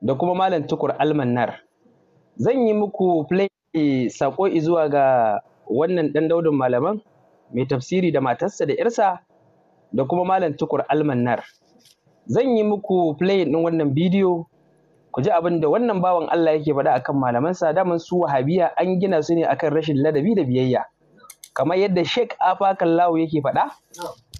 da kuma Malam Tukur Almanar. Zan yi muku play eh, sako zuwa ga wannan ɗan daudin malaman mai tafsiri da matarsa da ‘yarsa da kuma Malam Tukur Almanar. Zan yi muku play ɗin wannan bidiyo ku ji abin da wannan bawan Allah yake faɗa akan malamansa daman su wahabiya an gina su ne akan rashin ladabi da biyayya kamar yadda Sheikh Afa Kallahu yake faɗa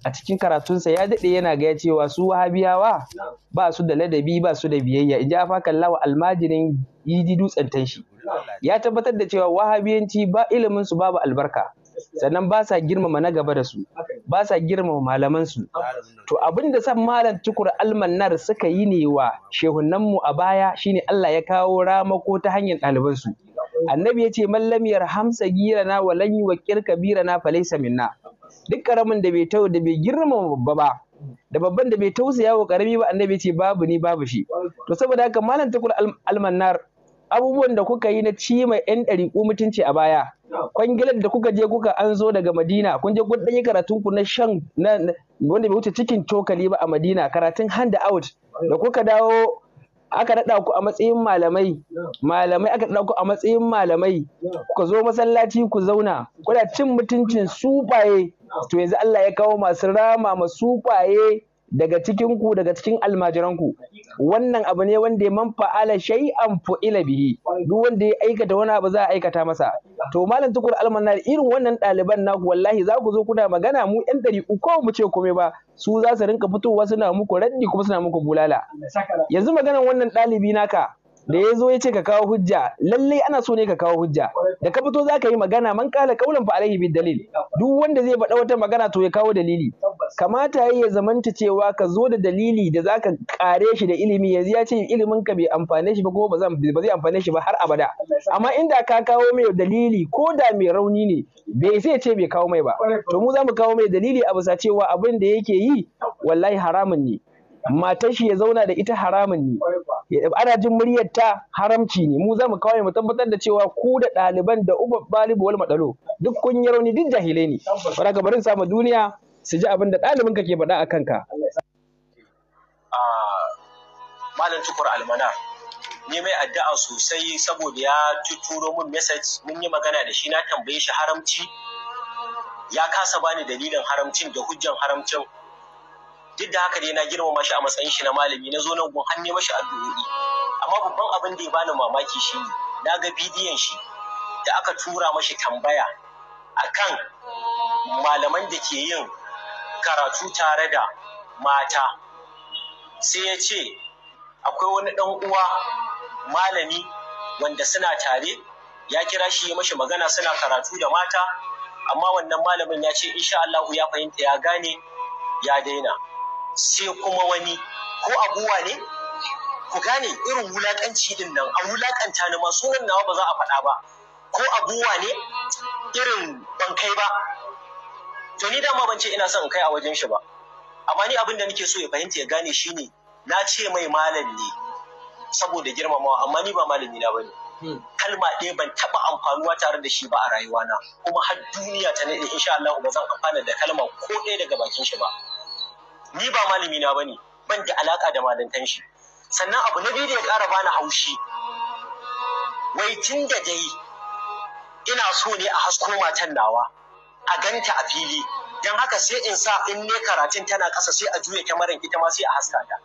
a cikin karatunsa ya daɗe yana gaya cewa su wahabiyawa ba su da ladabi ba su da biyayya in ji afa kallawa almajirin yidi dutsen tanshi ya tabbatar da cewa wahabiyanci ba ilimin su babu albarka sannan ba sa girmama na gaba da su ba sa girmama malaman su to abin da san malam tukur almannar suka yi ne wa shehunan mu a baya shine Allah ya kawo ramako ta hanyar ɗaliban su annabi ya ce Mallamiyar hamsa girana wa lan kabira na falaysa minna duk karamin da bai tau da bai girmama babba ba da babban da bai tausaya wa karami ba annabi ce babu ni babu shi to saboda haka malam tukul almannar abubuwan da kuka yi na ci mai yan ɗari mutunci a baya kwangilar da kuka je kuka an zo daga madina kun je kun ɗanyi karatun ku na shan wanda bai wuce cikin cokali ba a madina karatun hand out da kuka dawo aka daɗa ku a matsayin malamai malamai aka daɗa ku a matsayin malamai ku zo masallaci ku zauna kuna cin mutuncin sufaye to yanzu Allah ya kawo masu rama ma sufaye daga cikin ku daga cikin almajiran ku wannan abu ne wanda man fa'ala shay'an fu'ila bihi duk wanda ya aikata wani abu za a aikata masa to malam tukur almanar irin wannan ɗaliban naku wallahi za ku zo kuna magana mu yan ɗari ko mu ce komai ba su za su rinka fitowa suna muku raddi kuma suna muku bulala yanzu maganar wannan ɗalibi naka da ya zo ya ce ka kawo hujja lallai ana so ne ka kawo hujja da ka fito za ka yi magana man kala kaulan fa alaihi bid dalil duk wanda zai faɗa wata magana to ya kawo dalili kamata ya zamanta cewa ka zo da dalili da zaka kare shi da ilimi yanzu ya ce ilimin ka bai amfane shi ba ko ba zai amfane shi ba har abada amma inda ka kawo mai dalili ko da mai rauni ne bai sai ce bai kawo mai ba to mu za mu kawo mai dalili a bisa cewa abin da yake yi wallahi haramun ne matar shi ya zauna da ita haramun ne ana jin muryar ta haramci ne mu za mu kawai mu tabbatar da cewa ku da ɗaliban da uba balibu wal madalo duk kun yi rauni duk jahilai ne bara ka barin samu duniya su ji abin da ɗalibin ka ke faɗa a kanka malam tukur almana ni mai addu'a sosai saboda ya tuturo min message mun yi magana da shi na tambaye shi haramci ya kasa bani dalilin haramcin da hujjan haramcin duk da haka dai na girmama shi a matsayin shi na malami na zo nan gun har mashi addu'o'i amma babban abin da ya bani mamaki shi ne, na ga bidiyon shi da aka tura mashi tambaya akan malaman da ke yin karatu tare da mata sai ya ce akwai wani ɗan uwa malami wanda suna tare ya kira shi ya mashi magana suna karatu da mata amma wannan malamin ya ce insha Allah ya fahimta ya gane ya daina sai kuma wani ko abuwa ne ku gane irin wulakanci din nan a wulakanta ni ma sunan nawa ba za a faɗa ba ko abuwa ne irin ban kai ba to ni dama ban ce ina son in kai a wajen shi ba amma ni abin da nake so ya fahimta ya gane shine na ce mai malam ne saboda girmamawa amma ni ba malami na bane hmm. kalma ɗaya ban taɓa amfanuwa tare da shi ba a rayuwana kuma har duniya ta naɗe insha Allah ba zan amfana da kalma ko ɗaya daga bakin shi ba ni ba malami na bane ban da alaka da malantan shi sannan abu na biyu da ya ƙara bani haushi wai tun da dai ina so ne a hasko matan nawa a ganta a fili dan haka sai in sa in ne karatun tana ƙasa sai a juya kyamaran ita ma sai a haska ta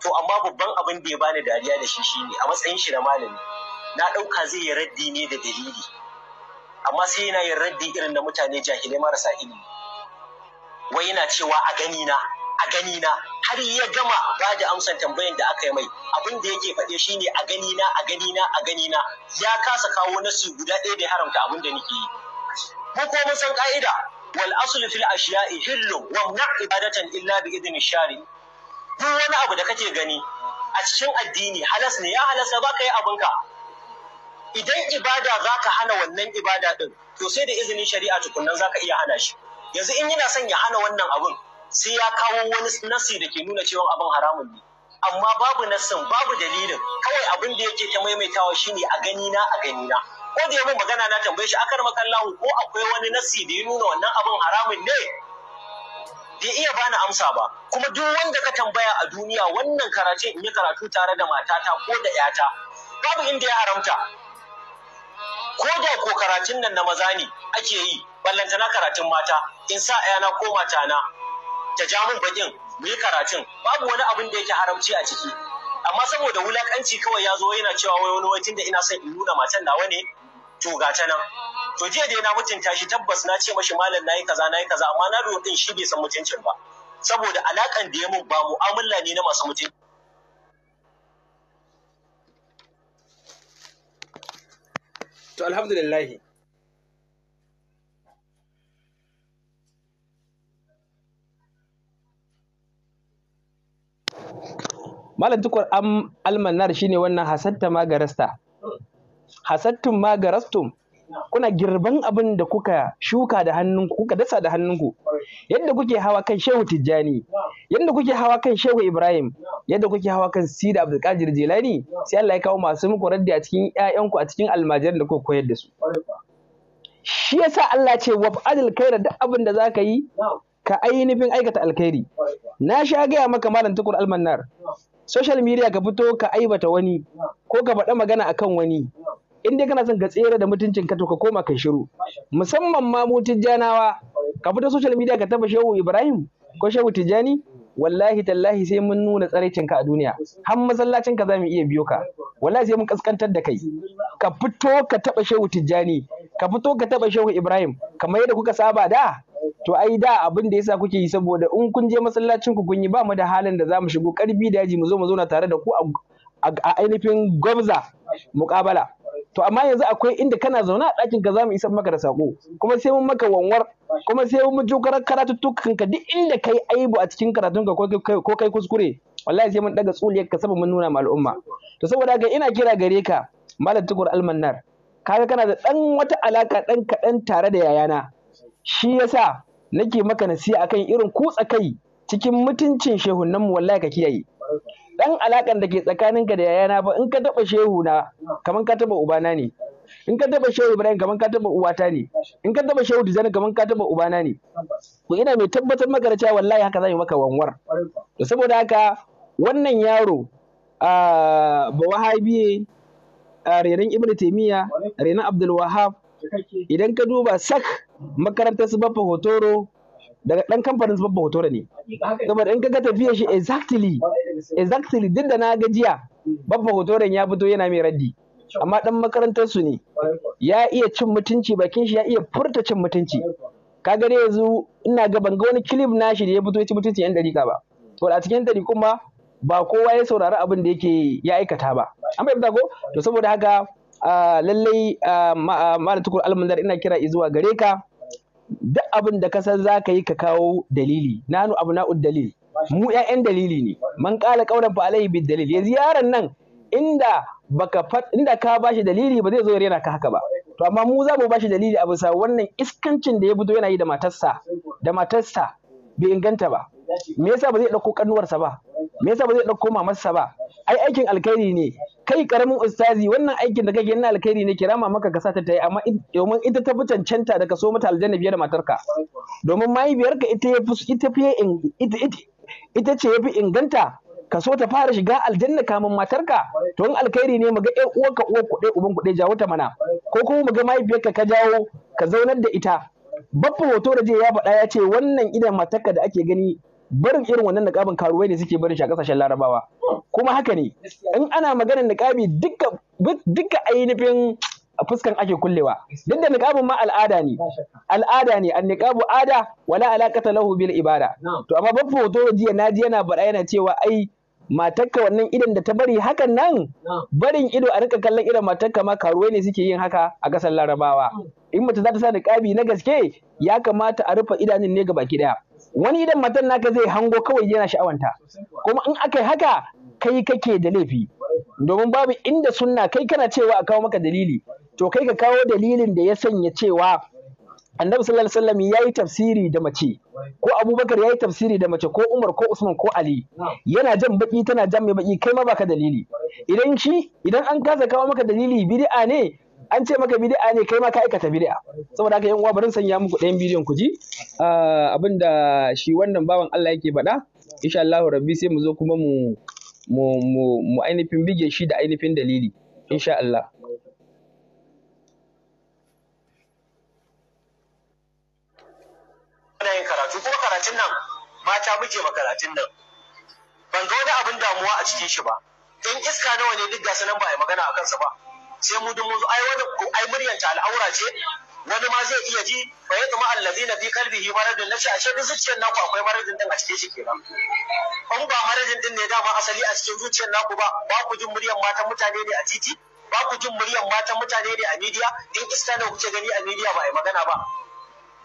to amma babban abin da ya bani dariya da shi shine a matsayin shi na malami na ɗauka zai yi raddi ne da dalili amma sai yana yin raddi irin na mutane jahilai marasa ilimi wai yana cewa a gani na a gani na har ya gama ba da amsan tambayan da aka yi mai abin da yake faɗe shi ne a gani na a gani na a gani na ya kasa kawo nasi guda ɗaya da haramta abin da nake yi mu ko mun san ka'ida wal aslu fil ashiya'i hillu wa mna ibadatan illa bi idni shari duk wani abu da kake gani a cikin addini halas ne ya ba baka yi abinka idan ibada zaka hana wannan ibada din to sai da izinin shari'a tukunnan zaka iya hana shi yanzu in yana son ya hana wannan abun sai ya kawo wani nasi da ke nuna cewa abin haramun ne amma babu nasin, babu dalilin kawai abin da yake ta maimaitawa shine a gani na a gani na ko da yamin magana na tambaye shi akar makallahu ko akwai wani nasi da ya nuna wannan abin haramun ne bai iya bani amsa ba kuma duk wanda ka tambaya a duniya wannan karatu in yi karatu tare da matata ko da yata babu inda ya haramta ko da ko karatun nan na maza ne ake yi ballantana karatun mata in sa ayana ko tana, ta ja mun bakin mu yi karatun babu wani abin da yake haramci a ciki amma saboda wulakanci kawai ya zo yana cewa wai wani wai da ina son in nuna matan nawa ne to ga ta nan to jiya da na mutunta shi tabbas na ce mashi malam nayi kaza nayi kaza amma na biyo din shi bai san mutuncin ba saboda alakan da ya mun ba mu'amala ne na masu mutunci to alhamdulillah malam tukur am almanar shine wannan hasatta ma garasta hasattum ma kuna girban abin da kuka shuka da hannunku kuka dasa da hannunku yadda kuke hawa kan shehu tijjani yadda kuke hawa kan shehu ibrahim yadda kuke hawa kan sida abdulkadir jilani sai allah ya kawo masu muku raddi a cikin ƴaƴanku a cikin almajiran da kuka koyar da su shi yasa allah ce wa fa'adil kaira duk abin da zaka yi ka ainihin aikata alkhairi na sha gaya maka malam tukur almannar social media ka fito ka aibata wani ko ka faɗa magana akan wani inda dai kana son ka tsere da mutuncin ka to ka koma kai shiru musamman ma mu tijjanawa ka fito social media ka taba shehu ibrahim ko shehu tijjani wallahi tallahi sai mun nuna tsaraicin ka a duniya har masallacin ka zamu iya biyo ka wallahi sai mun kaskantar da kai ka fito ka taba shehu tijjani ka fito ka taba shehu ibrahim kamar yadda kuka saba da to ai da abin da yasa kuke yi saboda in kun je masallacin ku kun yi ba mu da halin da zamu shigo karbi daji mu zo mu zauna tare da ku a ainihin gwamza muƙabala to amma yanzu akwai inda kana zaune a ɗakin ka zamu isa maka da sako kuma sai mun maka wanwar kuma sai mun ji karatuttukan ka duk inda kai aibu a cikin karatun ka ko kai kuskure wallahi sai mun daga tsuliyar ka saboda mun nuna ma al'umma to saboda ga ina kira gare ka malam tukur almannar kaga kana da dan wata alaka dan kaɗan tare da yayana shi yasa nake maka nasiha akan irin kutsa kai cikin mutuncin shehunan mu wallahi ka kiyaye dan alakan da ke tsakaninka da yayana ba in ka taba shehu na kaman ka taba ubana ne in ka taba shehu ibrahim kaman ka taba uwata ne in ka taba shehu dizani kaman ka taba ubana ne to ina mai tabbatar maka da cewa wallahi haka zan yi maka wanwar to saboda haka wannan yaro ba wahabiye renon ibnu taymiya renon abdul wahab idan ka duba sak makarantar su babba hotoro daga dan kamfanin su babba hotoro ne saboda in kaga tafiya shi exactly exactly duk da na ga jiya, babba hotoron ya fito yana mai raddi amma dan makarantar su ne ya iya cin mutunci bakin shi ya iya furta cin mutunci kaga dai yanzu ina ga ban ga wani clip nashi da ya fito ya ci mutunci yan dariƙa ba to a cikin dari kuma ba kowa ya saurari abin da yake ya aikata ba an bai ko to saboda haka ah, lallai ah, ah, malam tukur almandar ina kira izuwa gare ka duk abin da ka san za ka yi ka kawo dalili nanu abu na'ud dalil mu 'ya'yan dalili ne man kala ƙaunar fa alaihi bid dalil yanzu yaron nan inda baka fat inda ka bashi dalili ba zai zo rena ka haka ba to amma mu za mu bashi dalili a bisa wannan iskancin da ya fito yana yi da matarsa da matarsa bai inganta ba me yasa ba zai ɗauko kannuwarsa ba me yasa ba zai ɗauko mamarsa ba ai aikin alkhairi ne kai karamin ustazi wannan aikin da kake yana alkhairi ne kirama maka ka sata ta yi amma domin ita ta fi cancanta da ka so mata aljanna biyar da matarka domin mahaifiyarka ita ya fi ita fi ita ce yafi inganta kaso ta fara shiga aljanna kamin matarka to in alkhairi ne mu ga ɗan uwanka uwan kuɗe uban kuɗe jawo ta mana ko kuma mu ga mahaifiyarka ka jawo ka zaunar da ita babba hoto da je ya faɗa ya ce wannan idan matarka da ake gani barin irin wannan niƙabin karuwai ne suke barin shi a kasashen larabawa kuma haka ne in ana maganar niƙabi duka duka ainihin fuskan ake kullewa duk da niƙabin ma al'ada ne al'ada ne an niqabu ada wala alaqata lahu bil ibada to amma babu hoto jiya naji yana bada yana cewa ai matarka wannan idan da ta bari hakan nan barin ido a rika kallon idan matarka ma karuwai ne suke yin haka a kasar larabawa mm. in mace za ta sa niƙabi na gaske ya kamata a rufe idanun ne gaba ki daya wani idan matan naka zai hango kawai yana sha'awanta kuma in aka yi haka kai kake da laifi domin babu inda sunna kai kana cewa a kawo maka dalili to kai ka kawo dalilin da ya sanya cewa annabi sallallahu alaihi wasallam yayi tafsiri da mace ko abubakar yayi tafsiri da mace ko umar ko usman ko ali yana jan baki tana jan mai baki kai ma baka dalili idan shi idan an kasa kawo maka dalili bid'a ne an ce maka bid'a ne kai ma ka aikata bid'a saboda haka yan uwa bari sanya muku ɗayan bidiyon ku ji ah, abinda shi wannan bawan Allah yake faɗa insha Allah rabbi sai mu zo kuma mu mu mu mu ainihin bige shi da ainihin dalili insha Allah ana yin karatu kuma karatun nan mata muke makaratun nan ban ga wani abin damuwa a cikin shi ba in iska nawa ne duk gasa nan ba a yi magana a kansa ba sai mu dun zo ai wani ai muryan ta al'aura ce wani ma zai iya ji fa ya tuma allazina fi na maradun nashi a duk zuciyar naku akwai maradun din a cikin shi kenan in ba maradun din ne dama asali a cikin zuciyar naku ba ba ku jin muryan matan mutane ne a titi ba ku jin muryan matan mutane ne a midiya, in iska da kuke gani a midiya ba ai magana ba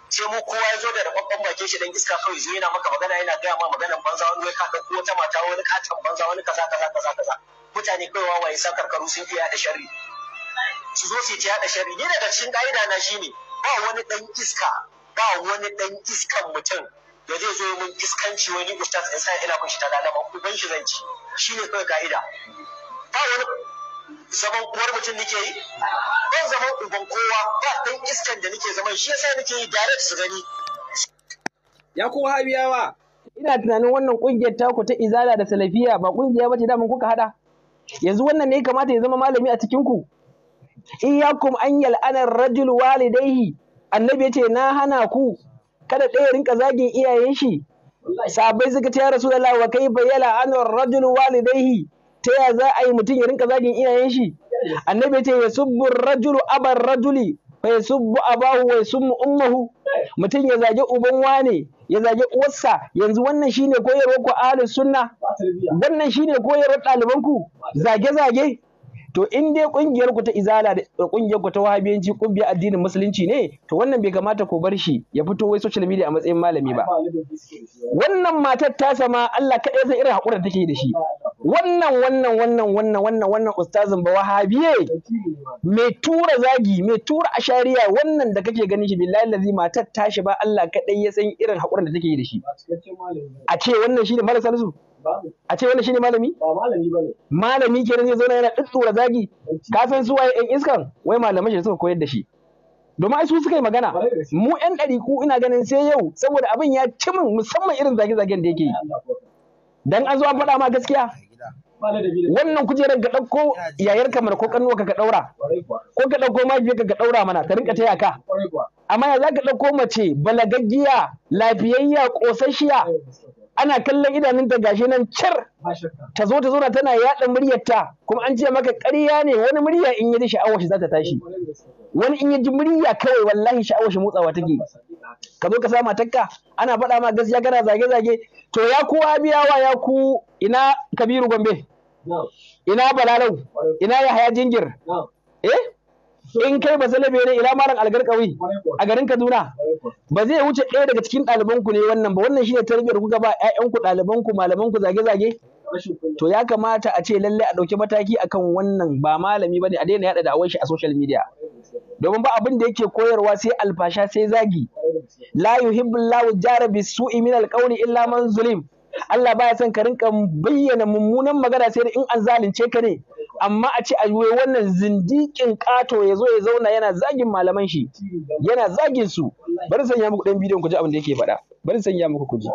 sai mu kowa ya zo da rababban bakin shi dan iska kawai zo yana maka magana yana gaya ma maganar banza wani wai ka dauko wata mata wani ta banza wani kaza kaza kaza kaza mutane kawai wawaye sakarkaru sun iya da sharri su zo su ta yada sharri ni daga cikin ka'ida na shine ba wani dan iska ba wani dan iskan mutum da zai zo mun iskanci wani ustaz in sa ina kun shi ta dalama ku ban shi zanci shine kawai ka'ida ba wani zaman uwar mutum nake yi ban zaman uban kowa ba dan iskan da nake zaman shi yasa nake yi direct su gani ya ku habiyawa ina tunanin wannan kungiyar taku ta izala da salafiya ba kungiya bace da mun kuka hada yanzu wannan ne kamata ya zama malami a cikin ku iyyakum an yal'ana rajul walidaihi annabi yace na hana ku kada ɗaya rinka zagin iyayen shi sabai suka ce ya lawa kai kaifa yal'anu rajul walidaihi ta ya za a yi mutum ya rinka zagin iyayen shi annabi yace yasubbu rajulu abar rajuli fa yasubbu abahu wa yasummu ummuhu mutum ya zage uban wane ya zage uwarsa yanzu wannan shine koyarwar ku ahlus sunna wannan shine koyarwar ɗalibanku zage zage to in dai kungiyar ku ta izala da kungiyar ku ta wahabiyanci kungiyar addinin musulunci ne to wannan bai kamata ku bar shi ya fito wai social media a matsayin malami ba wannan matar ta sama Allah kaɗai san irin hakurin take da shi wannan wannan wannan wannan wannan wannan ustazin ba wahabiye mai tura zagi mai tura ashariya wannan da kake ganin shi billahi lazi matar tashi ba Allah kaɗai ya san irin hakurin da take da shi a ce wannan shi ne marasa su a ce shi shine malami ba malami bane malami kenan zai zauna yana duddura zagi ka san su waye yan iskan wai malamai shi suka koyar da shi domin ai su suka yi magana mu yan ɗariku ina ganin sai yau saboda abin ya ci min musamman irin zage-zagen da yake yi dan an zo an faɗa ma gaskiya wannan kujerar ka ɗauko yayar kamar ko kanuwa ka ɗaura ko ka ɗauko mahaifiyarka ka ɗaura mana ta rinka taya ka amma ya za ka ɗauko mace balagaggiya lafiyayya ƙosashiya? ana kallon idanunta gashi nan car ta zo ta zauna tana yaɗa muryarta kuma an ce maka ƙarya ne wani murya in yi ji sha'awar shi za ta tashi wani in yi ji murya kawai wallahi sha'awar shi motsawa take ka zo ka sa matakka ana faɗa ma gaskiya kana zage-zage to ya ku abiyawa ya ku ina kabiru gombe ina balalau ina yahaya jingir eh in kai ba zalabe ne ila malam algarkawi a garin Kaduna ba zai wuce ɗaya daga cikin ɗaliban ku ne wannan ba wannan shine tarbiyar ku gaba ƴaƴan ku ɗaliban ku malaman ku zage zage to ya kamata a ce lalle a ɗauki mataki akan wannan ba malami bane a daina yaɗa da'awar shi a social media domin ba abin da yake koyarwa sai alfasha sai zagi la yuhibbullahu jara su'i min alqawli illa man zulim Allah baya son ka rinka bayyana mummunan magana sai in an zalunce ka ne amma a ce a wannan zindikin kato ya zo ya zauna yana zagin malaman shi yana zagin su bari sanya muku dan bidiyon ku ji abin da yake faɗa bari sanya muku ku ji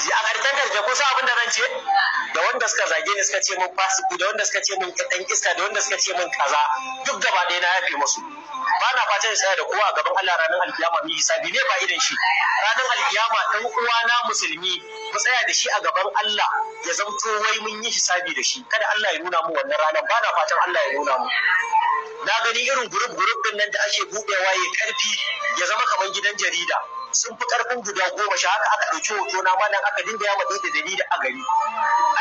ji a ƙarshen karshe ko sa abin da zan ce da wanda suka zage ni suka ce min fasiku, da wanda suka ce min ɗan iska da wanda suka ce min kaza duk gaba ɗaya na yafe musu ba na fatan tsaya da kowa a gaban Allah ranar alkiyama ni hisabi ne ba irin shi ranar alkiyama ɗan uwana musulmi mu tsaya da shi a gaban Allah ya zamto wai mun yi hisabi da shi kada Allah ya nuna mu wannan ranar ba na fatan Allah ya nuna mu na gani irin gurup gurup din nan da ake buɗewa ya karfi ya zama kamar gidan jarida sun fi karfin guda goma sha haka aka ɗauki hoto na malam aka dinga yawa ɗaya da dalili a gari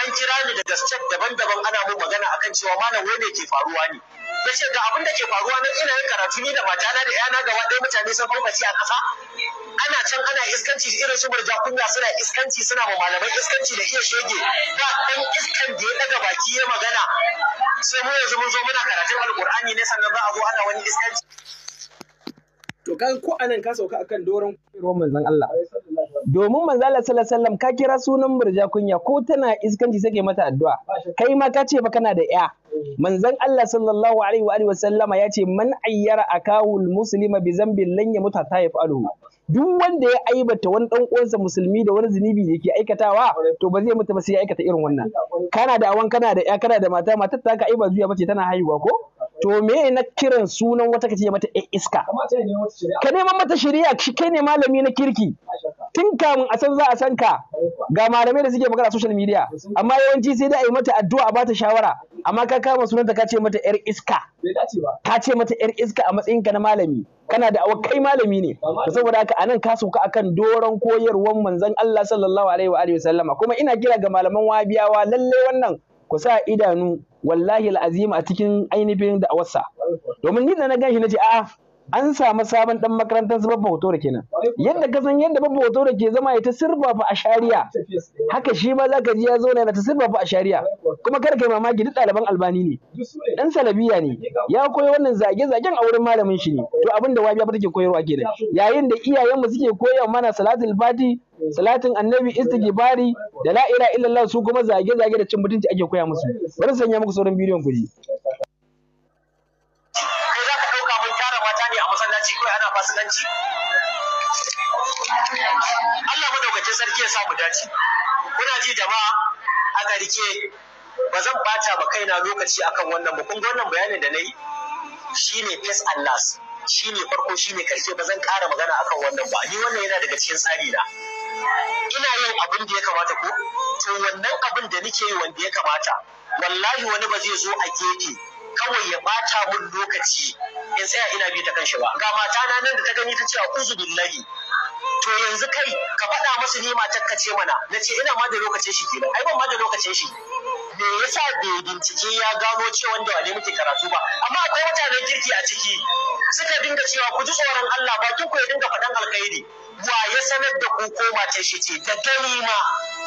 an kira ni daga step daban-daban ana mun magana akan cewa malam wani ke faruwa ne na ce ga abin da ke faruwa na ina yin karatu ni da matana da yana gaba ɗaya mutane sun farfaci a ƙasa ana can ana iskanci irin su murja kunya suna iskanci suna ma malamai iskanci da iya shege ba ɗan iskan da ya ɗaga baki ya magana sai mu yanzu mun zo muna karatun alƙur'ani ne sannan za a zo ana wani iskanci to kaga ko anan ka sauka akan doron koyarwar manzon Allah domin manzon Allah sallallahu alaihi wasallam ka kira sunan murja kunya ko tana iskanci sake mata addu'a kai ma ka ce ba kana da ya manzon Allah sallallahu alaihi wa alihi wasallama ya ce man ayyara akawul muslima bi zambin lan yamuta ta yafalu duk wanda ya aibata wani dan uwansa musulmi da wani zunubi da yake aikatawa to ba zai mutu ba sai ya aikata irin wannan kana da awan kana da ya kana da mata matar ta ka aiba zuya mace tana haihuwa ko to me na kiran sunan wata kace mata e iska ka neman mata shari'a shi kai ne malami na kirki tun kamun a san za a san ka ga malamai da suke magana social media amma yawanci sai dai a mata addu'a a bata shawara amma ka kama sunanta ka ce mata yar iska ka ce mata yar iska a matsayinka na malami kana da awa kai malami ne saboda haka anan ka sauka akan doron koyarwar manzon Allah sallallahu alaihi wa alihi wasallam kuma ina kira ga malaman wabiyawa lalle wannan ku sa idanu wallahi al'azim a cikin ainihin da'awarsa domin ni da na ganshi ce a'a an samu sabon dan makarantar su babba hoto da kenan yadda ka san yadda babba hoto da ke zama ya ta sirfafa a shari'a haka shi ma zaka ji ya zo na ta sirfafa a shari'a kuma kada kai mamaki duk ɗaliban albani ne dan salabiya ne ya koyo wannan zage zagen a wurin malamin shi ne to abin da wabiya take koyarwa kenan yayin da iyayen mu suke koya mana salatul fati eh. salatin annabi istighfari da la ilaha illallah su kuma zage zage da cin mutunci ake koya musu bari sanya muku sauran bidiyon ku ji fasikanci Allah madaukakin sarki ya samu dace kuna ji jama'a a garike ba zan bata ba kaina lokaci akan wannan ba kun ga wannan bayanin da nayi shine fes and last shine farko shine karshe ba zan ƙara magana akan wannan ba ni wannan yana daga cikin tsari na ina yin abin da ya kamata ko to wannan abin da nake yi wanda ya kamata wallahi wani ba zai zo a gefe kawai ya bata mun lokaci in tsaya ina bi ta kan shi ba ga mata na nan da ta gani ta ce a uzu billahi to yanzu kai ka faɗa masu ni ma ce mana na ce ina ma da lokacin shi kenan ai ban ma da lokacin shi me yasa bai bincike ya gano cewa da wane muke karatu ba amma akwai mutanen kirki a ciki suka dinga cewa ku ji tsoron Allah bakin ku ya dinga faɗan alkhairi wa ya sanar da ku ko matar shi ce da gani ma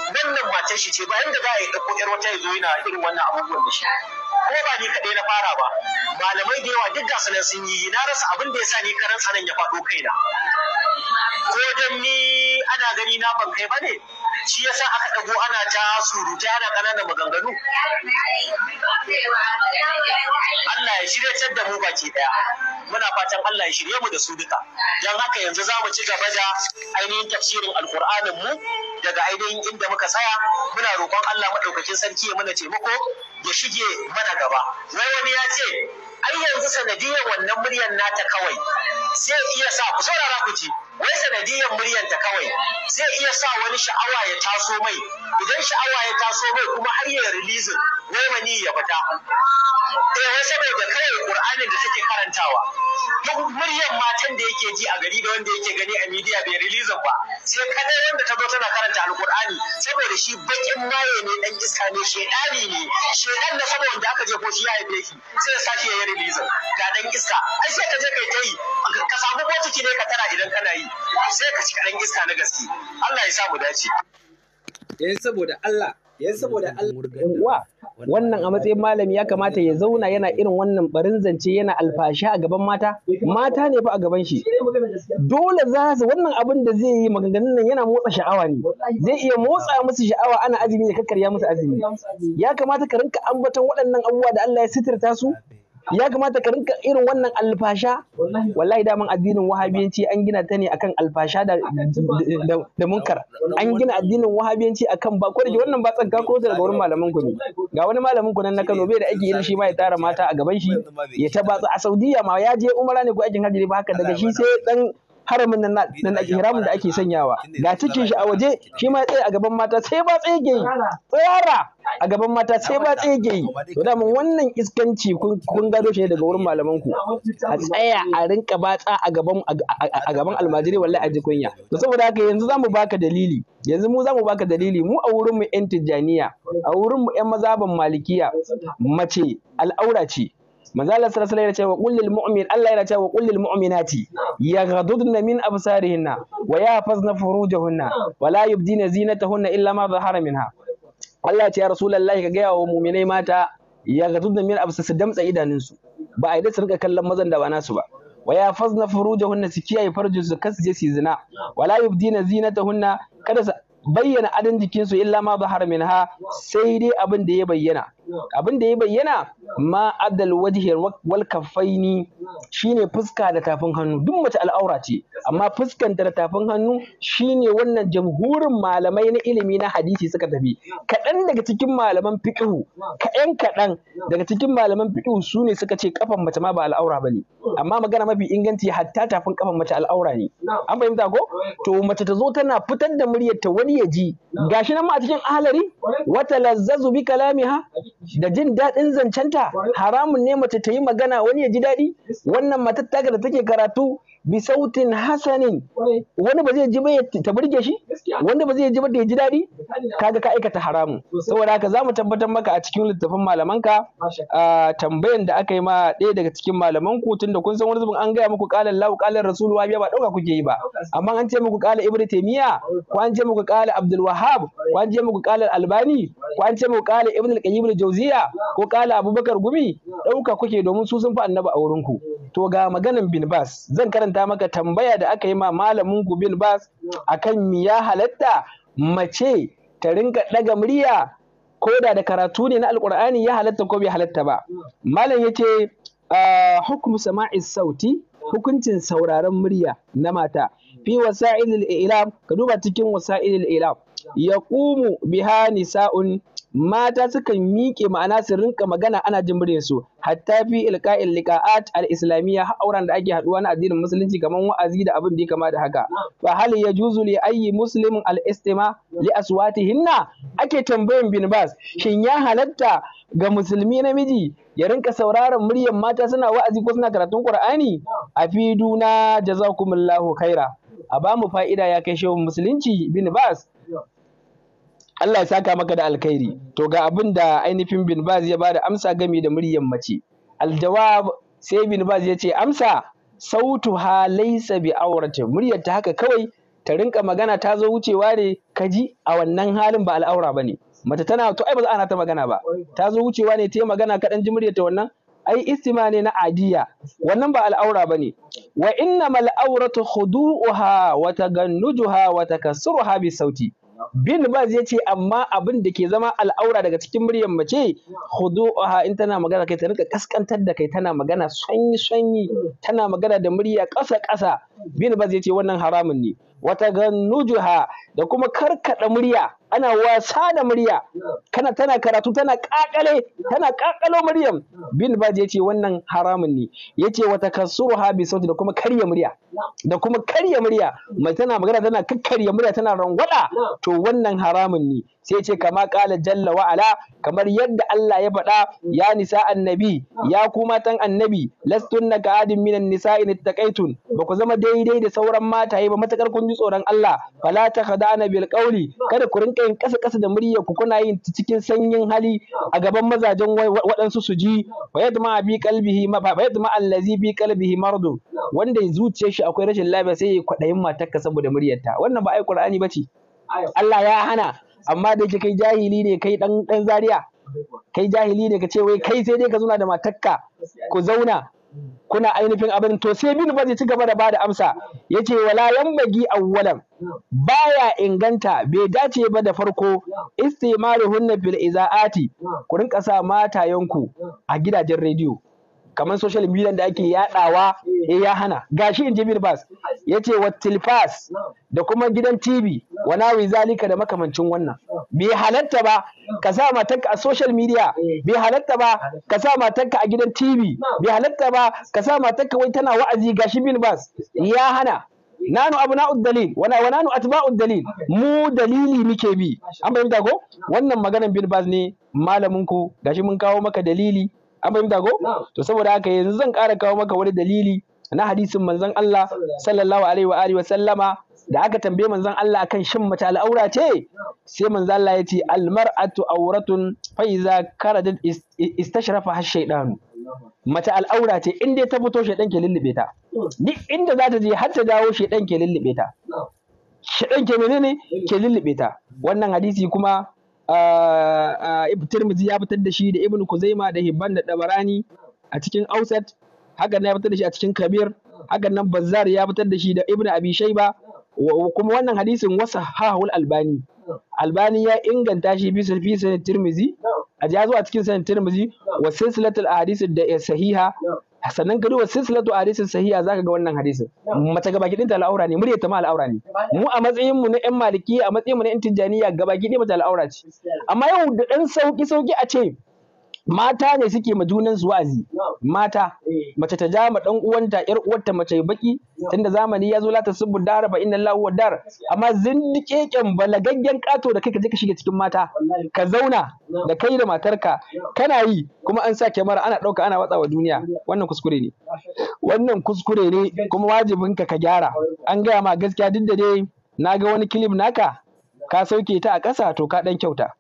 wannan matar shi ce bayan da za a yi ɗauko ƴar wata ya zo yana irin wannan abubuwan da shi kuma ba ni kaɗai na fara ba malamai da yawa duk gasu nan sun yi na rasa abin da ya sa ni karan sanan ya faɗo kaina ko dan ni ana gani na ban kai ba ne shi yasa aka ɗago ana ta surutai ana ƙananan maganganu Allah ya shiryatar da mu baki ɗaya muna fatan Allah ya shirye mu da su duka don haka yanzu za mu ci gaba da ainihin tafsirin alkur'anin mu daga ainihin inda muka tsaya muna roƙon Allah maɗaukakin sarki ya mana taimako ya shige mana gaba wai wani ya ce ai yanzu sanadiyar wannan muryar nata kawai zai iya sa ku saurara ku ji wai sanadiyar ta kawai zai iya sa wani sha'awa ya taso mai idan sha'awa ya taso mai kuma har ya rilizin? wai wani ya fita eh wai saboda kawai qur'anin da take karantawa duk muryar matan da yake ji a gari da wanda yake gani a media bai release ba sai kadai wanda ta zo tana karanta Al-Qur'ani saboda shi bakin maye ne dan iska ne shedani ne shedan da saboda aka je ko shi ya haife shi sai ya sashi ya release ga dan iska ai sai ka je kai ta yi ka samu botiki ne ka tara idan kana yi sai ka ci dan iska na gaske Allah ya sa mu dace yan saboda Allah yan saboda Allah wannan a matsayin malami ya kamata ya zauna yana irin wannan barin zance yana alfashi a gaban mata mata ne fa a gaban shi dole za su wannan abin da zai yi maganganun nan yana motsa sha'awa ne zai iya motsa musu sha'awa ana azumi ya kakkarya musu azumi ya kamata ka rinka ambaton waɗannan abubuwa da Allah ya sitirta su ya kamata ka rinka irin wannan alfasha wallahi daman addinin wahabiyanci an gina ta ne akan alfasha da da munkar an gina addinin wahabiyanci akan ba ko da wannan ba tsanka ko daga wurin malamin ku ne ga wani malamin ku nan na Kano bai da ake irin shi ma ya tara mata a gaban shi ya ta batsa a Saudiya ma ya je umara ne ko aikin hajji ba haka daga shi sai dan haramin nan na ihramin da ake sanyawa ga cikin shi a waje shi ma tsaye a gaban mata sai ba tsaye yi tsara a gaban mata sai ba tsaye yi to da wannan iskanci kun gado shi daga wurin malaman ku a tsaya a rinka batsa a gaban a gaban almajiri wallahi a jikunya to saboda haka yanzu zamu baka dalili yanzu mu zamu baka dalili mu a wurin mu yan tijjaniya a wurin mu yan mazaban malikiya mace al'aura ce manzo Allah sallallahu alaihi wasallam ya ce wa qul mu'min Allah yana cewa qul lil mu'minati yaghdudna min absarihinna wa yafazna furujahunna wa la yubdina zinatahunna illa ma dhahara minha Allah ce ya rasulullahi ka gaya wa mu'minai mata yaghdudna min absar su damtsa idanunsu ba a yi da su rika kallon mazan da ba nasu ba wa ya fazna furujahunna su kiyaye farjinsu kar su je su zina wala yubdina zinatahunna kada su bayyana adon jikinsu illa ma zahar minha sai dai abin da ya bayyana abin da ya bayyana ma adal wajhi wal kafaini shine fuska da tafin hannu duk mace al'aura ce amma fuskan da tafin hannu shine wannan jamhurin malamai na ilimi na hadisi suka tafi kaɗan daga cikin malaman fiqhu kaɗan kaɗan daga cikin malaman fiqhu su ne suka ce kafan mace ma ba al'aura bane amma magana mafi inganci hatta tafin kafan mace al'aura ne an fahimta ko to mace ta zo tana fitar da muryarta wani ya ji gashi nan ma a cikin ahalari wata lazzazu bi kalamiha da jin daɗin zancenta haramun ne mace ta yi magana wani ya ji daɗi wannan matattaka da take karatu bi sautin hasanin wanda ba zai ji ba ta burge shi wanda ba zai ji ba da ji daɗi kaga ka aikata haramun saboda haka zamu tabbatar maka a cikin littafin malamanka tambayan da aka yi ma ɗaya daga cikin malaman ku tunda kun san wani zubin an gaya muku qala Allahu qala Rasul wa ba dauka kuke yi ba amma an ce muku qala Ibn Taymiyyah ko an ce muku qala Abdul Wahhab ko an ce muku qala Albani ko an ce muku qala Ibn al-Qayyim al ko qala Abubakar Gumi dauka kuke domin su sun fa annabi a wurin ku to ga maganin bin bas zan karanta maka tambaya da aka yi ma malamin ku bin bas akan mi ya halatta mace ta rinka ɗaga murya ko da da karatu ne na alkur'ani ya halatta ko bai halatta ba malam yace ah, hukum sama'i sauti hukuncin sauraron murya na mata fi wasa'ilil ilam ka duba cikin wasa'ilil ilam yaqumu biha nisa'un mata sukan miƙe ma'ana su rinka magana ana jin su hatta fi ilqa'il liqa'at al-islamiyya har da ake haduwa na addinin musulunci kamar wa'azi da abin da ya kama da haka fa hal yajuzu li ayyi muslimin al-istima li aswatihinna ake tambayan bin bas shin ya halatta ga musulmi namiji ya rinka sauraron muryar mata suna wa'azi ko suna karatun Qur'ani afiduna jazakumullahu khaira a ba mu fa'ida ya kai shehu musulunci bin bas Allah ya saka maka da alkhairi to ga abin da ainihin bin baz ya bada amsa gami da muryar mace aljawab sai bin baz ya ce amsa sautu ha laisa bi aurati muryar ta haka kawai ta rinka magana ta zo wucewa ne kaji a wannan halin ba al'aura bane mata tana to ai ba za a ta magana ba ta zo wucewa ne ta yi magana kaɗan ji muryar ta wannan ai istima ne na adiya wannan ba al'aura ba ne wa inna auratu khudu'uha wa tagannujuha wa takassuruha bi sauti bin baz ya ce amma abin da ke zama al'aura daga cikin muryar mace khudu'uha in tana magana kai ta rika kaskantar da kai tana magana sanyi sanyi tana magana da murya ƙasa ƙasa bin baz ya ce wannan haramun ne wata gannujuha da kuma karkada murya ana wasa da murya kana tana karatu tana kakale tana kakalo muryam bin baji yace wannan haramun ne yace wata ha bi sauti da kuma karya murya da kuma karya murya mai tana magana tana kakkarya murya tana rangwada to wannan haramun ne sai ce kama kala jalla wa ala kamar yadda Allah ya faɗa ya nisa annabi ya ku matan annabi lastunna ka adin minan nisa in taqaitun ba ku zama daidai da sauran mata. ba matakar kun ji tsoron Allah fala ta khada'na bil qawli kada ku rinka yin kasa kasa da muryar ku kuna yin cikin sanyin hali a gaban mazajen waɗansu su ji wa yadma bi qalbihi ma fa yadma allazi bi qalbihi mardu wanda zuciyar shi akwai rashin lafiya sai ya kwadayin matarka saboda muryarta wannan ba ai qur'ani bace Allah ya hana amma da yake kai jahili ne kai dan dan zaria kai jahili ne ka ce wai kai sai dai ka zauna da matakka ku zauna kuna ainihin abin to sai bin ba zai ci gaba da bada amsa yace wala bagi awwalan baya inganta bai dace ba da farko istimaruhunna fil izaati ku rinka sa matayenku a gidajen rediyo kamar social media da ake yadawa eh, ya hana gashi in jibir bas ya ce wa da kuma gidan tv wana wi zalika da makamancin wannan bai halatta ba ka sa matanka a social media bai halatta ba ka sa matanka a gidan tv bai halatta ba ka sa matanka wai tana wa'azi gashi bin bas ya hana nanu na'ud dalil wana wa nanu atba'ud dalil mu dalili muke bi an bayyana ko wannan maganan bin bas ne malamin ku gashi mun kawo maka dalili an fahimta ko to saboda haka yanzu zan ƙara kawo maka wani dalili na hadisin manzon Allah sallallahu alaihi wa alihi wa sallama da aka tambaye manzon Allah akan shin mace al'aura ce sai manzon Allah ya ce almar'atu auratun fa iza karajat istashrafa har shaydan Mata al'aura ce inda ta fito shaydan ke lullube ta ni hmm. inda za ta je har ta dawo shaydan ke lullube ta shaydan ke menene ke lullube ta wannan hadisi kuma Tirmidhi ya fitar da shi da Ibn Kuzaima da Hibban da Dabarani a cikin Ausat hakan ya fitar da shi a cikin Kabir hakan nan Bazzar ya fitar da shi da Ibn Abi Shayba kuma wannan hadisin wasa hahul albani albani ya inganta shi bisa fi sanin a ya zuwa a cikin sanin tirmizi wa silsilatul ahadith da sahiha sannan ka duba silsilatu hadisin sahiha zaka ga wannan hadisin mace gaba gidin ta al'aura ne muryar ta ma al'aura ne mu a matsayin mu na yan maliki a matsayin mu na yan tijaniya gaba gidi mace al'aura ce amma yau da dan sauki sauki a ce mata ne suke ma junan su wa'azi mata eh. mace ta jama ma dan uwanta yar uwarta mace baki tunda zamani ya zo la tasubbu dara fa inna lahu dar amma zindikeken balagaggen kato da kai ka je ka shiga cikin mata ka zauna da kai da matarka kana yi kuma an sa kyamara ana dauka ana watsa wa duniya wannan kuskure ne wannan kuskure ne kuma wajibin ka ka gyara an gaya ma gaskiya duk da dai na ga wani clip naka ka sauke ta a ƙasa to ka dan kyauta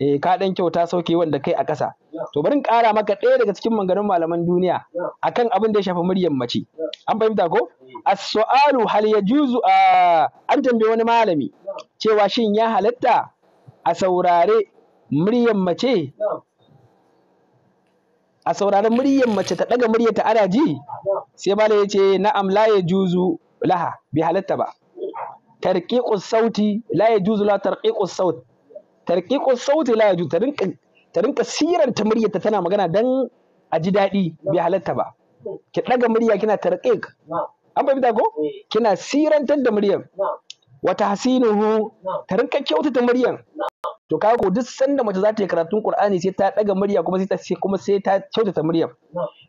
eh ka dan kyauta sauke wanda kai a ƙasa to bari in ƙara maka ɗaya daga cikin maganganun malaman duniya akan abin da ya shafi muryar mace an fahimta ko mm. as-su'alu hal yajuzu an tambaye wani malami cewa shin ya halatta a saurare muryar mace a saurare muryar mace ta ɗaga muryar ta ana ji sai malam ya ce na'am la yajuzu laha bi halatta ba tarqiqu sauti la yajuzu la tarqiqu sauti tarqiqu sauti la yajuzu tarqiqu ta rinka siranta muryarta tana magana dan a ji daɗi bai halatta ba ki ɗaga murya kina tarqiq an fahimta ko kina sirantar da muryar wata hasinuhu ta rinka kyautata muryar to kaga ko duk sanda mace za ta yi karatun Qur'ani sai ta ɗaga murya kuma sai ta kuma sai ta kyautata muryar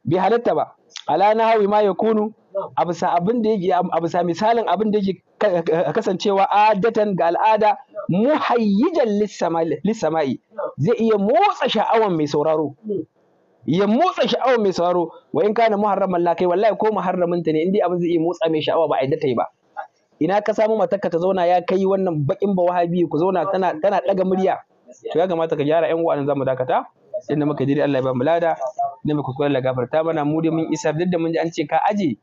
bai halatta ba ala hawi ma yakunu kunu? bisa abin da yake a misalin abin da yake kasancewa adatan ga al'ada muhayyijan lissama'i zai iya motsa sha'awan mai sauraro ya motsa sha'awan mai sauraro wa in kana muharraman mallakai wallahi ko muharramin ta ne indai abin zai iya motsa mai sha'awa ba a yadda ta yi ba ina ka samu matakka ta zauna ya kai wannan bakin ba wahabi ku zauna tana tana daga murya to ya kamata ka gyara yan uwa nan zamu dakata Sai inda muka jiri Allah ya ba mu lada inda muka kula Allah gafarta mana mu dai mun isa duk da mun ji an ce ka aje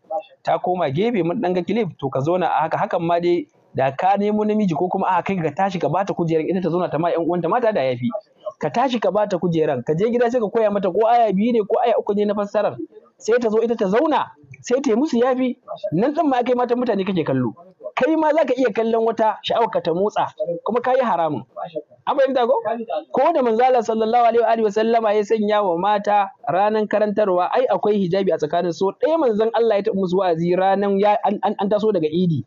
ta koma gefe mun dan ga clip to ka zauna a haka hakan ma dai da ka nemo namiji ko kuma a kai ka tashi ka bata kujerar ita ta zauna ta ma yan uwanta mata da yafi ka tashi ka bata kujerar ka je gida sai ka koya mata ko aya biyu ne ko aya uku ne na fassarar sai ta zo ita ta zauna sai ta yi musu yafi nan din ma kai mata mutane kake kallo kai ma zaka iya kallon wata sha'awar ka ta motsa kuma ka yi haramun an fahimta ko ko da manzo Allah sallallahu alaihi wa sallama ya sanya wa mata ranan karantarwa ai akwai hijabi a tsakanin so ɗaya manzon Allah ya taɓa musu wa'azi ranan an taso daga idi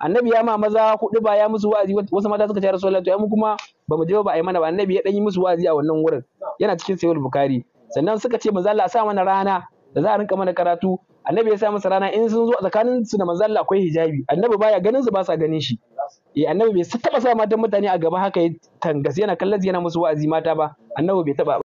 annabi ya ma maza hudu ba ya musu wa'azi wasu mata suka ce rasulullahi to ya mu kuma bamu je ba a yi mana ba annabi ya ɗan yi musu wa'azi a wannan wurin yana cikin sayyid bukhari sannan suka ce Manzala Allah sa mana rana da za a rinka mana karatu annabi ya sa masa rana in sun zo tsakanin su da manzalla akwai hijabi annabi baya ganin su ba sa ganin shi eh annabi bai taba sa matan mutane a gaba haka ya tangas yana kallon yana musu wa'azi mata ba annabi bai taba